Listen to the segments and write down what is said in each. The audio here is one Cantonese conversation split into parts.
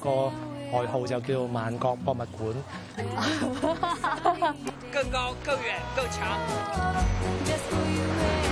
個外號就叫萬國博物館。 更高更遠更長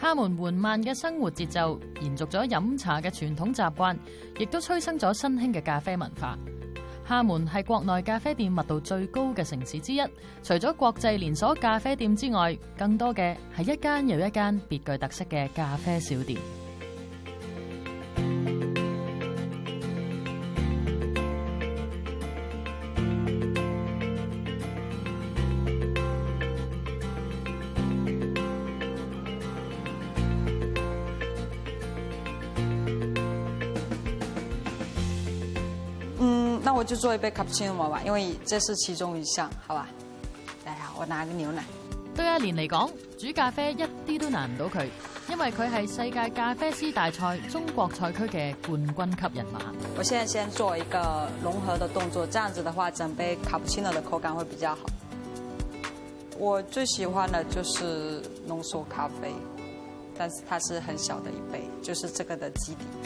廈門緩慢嘅生活節奏延續咗飲茶嘅傳統習慣，亦都催生咗新興嘅咖啡文化。廈門係國內咖啡店密度最高嘅城市之一，除咗國際連鎖咖啡店之外，更多嘅係一間又一間別具特色嘅咖啡小店。我就做一杯卡布奇諾吧，因為這是其中一項，好吧？來，我拿個牛奶。對阿蓮嚟講，煮咖啡一啲都難唔到佢，因為佢係世界咖啡師大賽中國賽區嘅冠軍級人馬。我現在先做一個融合的動作，這樣子的話，整杯卡布奇諾的口感會比較好。我最喜歡的就是濃縮咖啡，但是它是很小的一杯，就是這個的基底。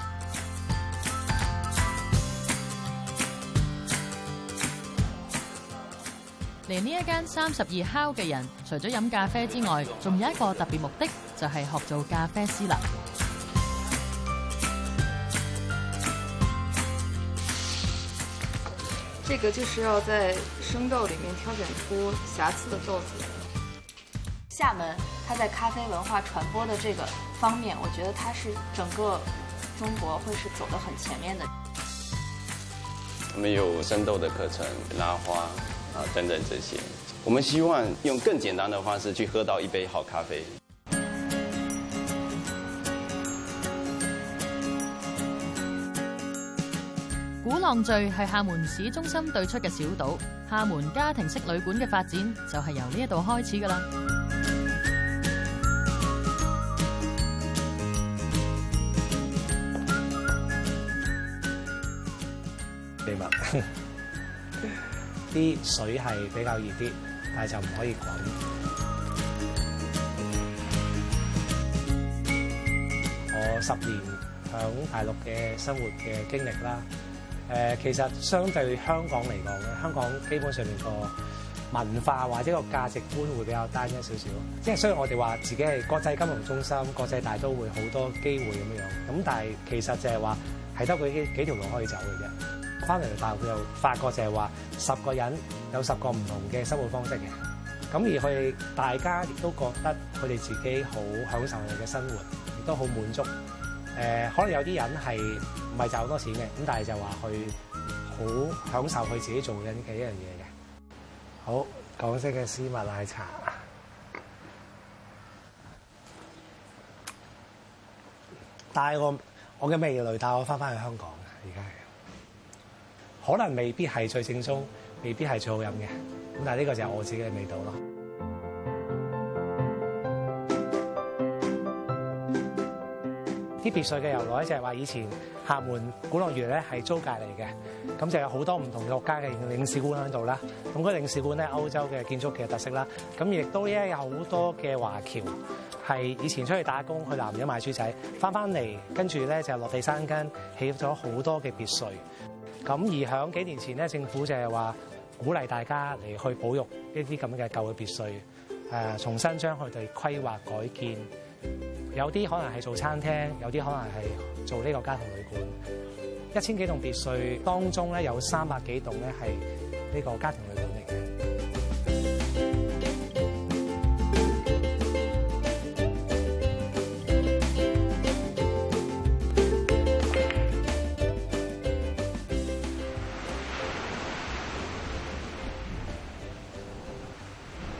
嚟呢一間三十二烤嘅人，除咗飲咖啡之外，仲有一個特別目的，就係學做咖啡師啦。這個就是要在生豆裏面挑選出瑕疵嘅豆子。廈門，它在咖啡文化傳播的這個方面，我覺得它是整個中國會是走得很前面的。我們有生豆的課程，拉花。啊，等等這些，我們希望用更簡單的方式去喝到一杯好咖啡。鼓浪嶼係廈門市中心對出嘅小島，廈門家庭式旅館嘅發展就係由呢一度開始噶啦。對吧。啲水係比較熱啲，但係就唔可以滾。我十年響大陸嘅生活嘅經歷啦，誒，其實相對香港嚟講咧，香港基本上面個文化或者個價值觀會比較單一少少。即係雖然我哋話自己係國際金融中心、國際大都會，好多機會咁樣，咁但係其實就係話係得佢幾條路可以走嘅啫。翻嚟但佢又發覺就係話十個人有十個唔同嘅生活方式嘅，咁而佢哋大家亦都覺得佢哋自己好享受佢哋嘅生活，亦都好滿足。誒、呃，可能有啲人係唔係賺好多錢嘅，咁但係就話佢好享受佢自己做緊嘅一樣嘢嘅。好港式嘅絲襪奶茶，帶我我嘅味蕾帶我翻翻去香港，而家係。可能未必係最正宗，未必係最好飲嘅。咁但係呢個就係我自己嘅味道咯。啲別墅嘅由來咧，就係話以前廈門鼓浪嶼咧係租界嚟嘅，咁就有好多唔同嘅國家嘅領事館喺度啦。咁、那、嗰個領事館咧，歐洲嘅建築嘅特色啦。咁亦都咧有好多嘅華僑係以前出去打工去南洋賣豬仔，翻翻嚟跟住咧就落地生根，起咗好多嘅別墅。咁而響幾年前咧，政府就係話鼓勵大家嚟去保育呢啲咁嘅舊嘅別墅，誒、啊、重新將佢哋規劃改建。有啲可能係做餐廳，有啲可能係做呢個家庭旅館。一千幾棟別墅當中咧，有三百幾棟咧係呢個家庭。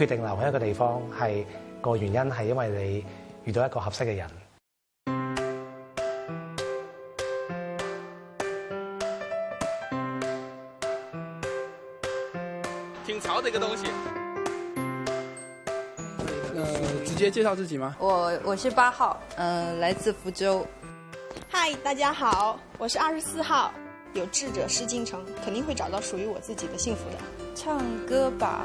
決定留喺一個地方，係個原因係因為你遇到一個合適嘅人。挺潮的一個東西。呃，直接介紹自己嗎？我我是八號，嗯，呃，來自福州。嗨，大家好，我是二十四號。有志者事竟成，肯定會找到屬於我自己的幸福的。唱歌吧。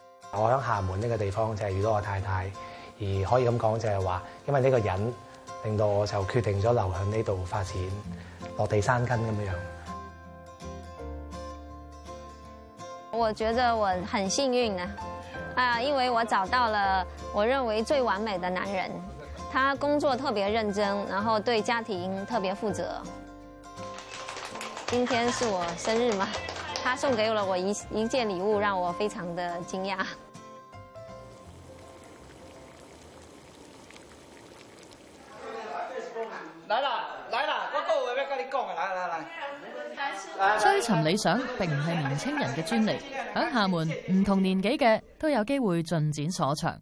我喺廈門呢個地方就係遇到我太太，而可以咁講就係話，因為呢個人令到我就決定咗留喺呢度發展，落地生根咁樣。我覺得我很幸運啊，啊，因為我找到了我認為最完美的男人，他工作特別認真，然後對家庭特別負責。今天是我生日嘛。他送給了我一一件禮物，讓我非常的驚訝。來啦來啦，我個會咩？跟你講啊，嚟嚟。追尋理想，並唔係年輕人嘅專利。響廈門，唔同年紀嘅都有機會盡展所長。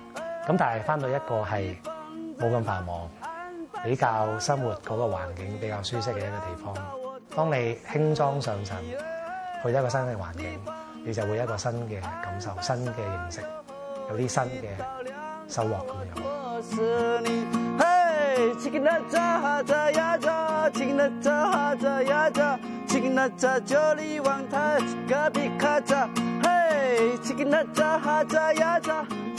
咁但係翻到一個係冇咁繁忙，比較生活，嗰個環境比較舒適嘅一個地方。當你輕裝上陣去一個新嘅環境，你就會有一個新嘅感受、新嘅認識，有啲新嘅收穫咁樣。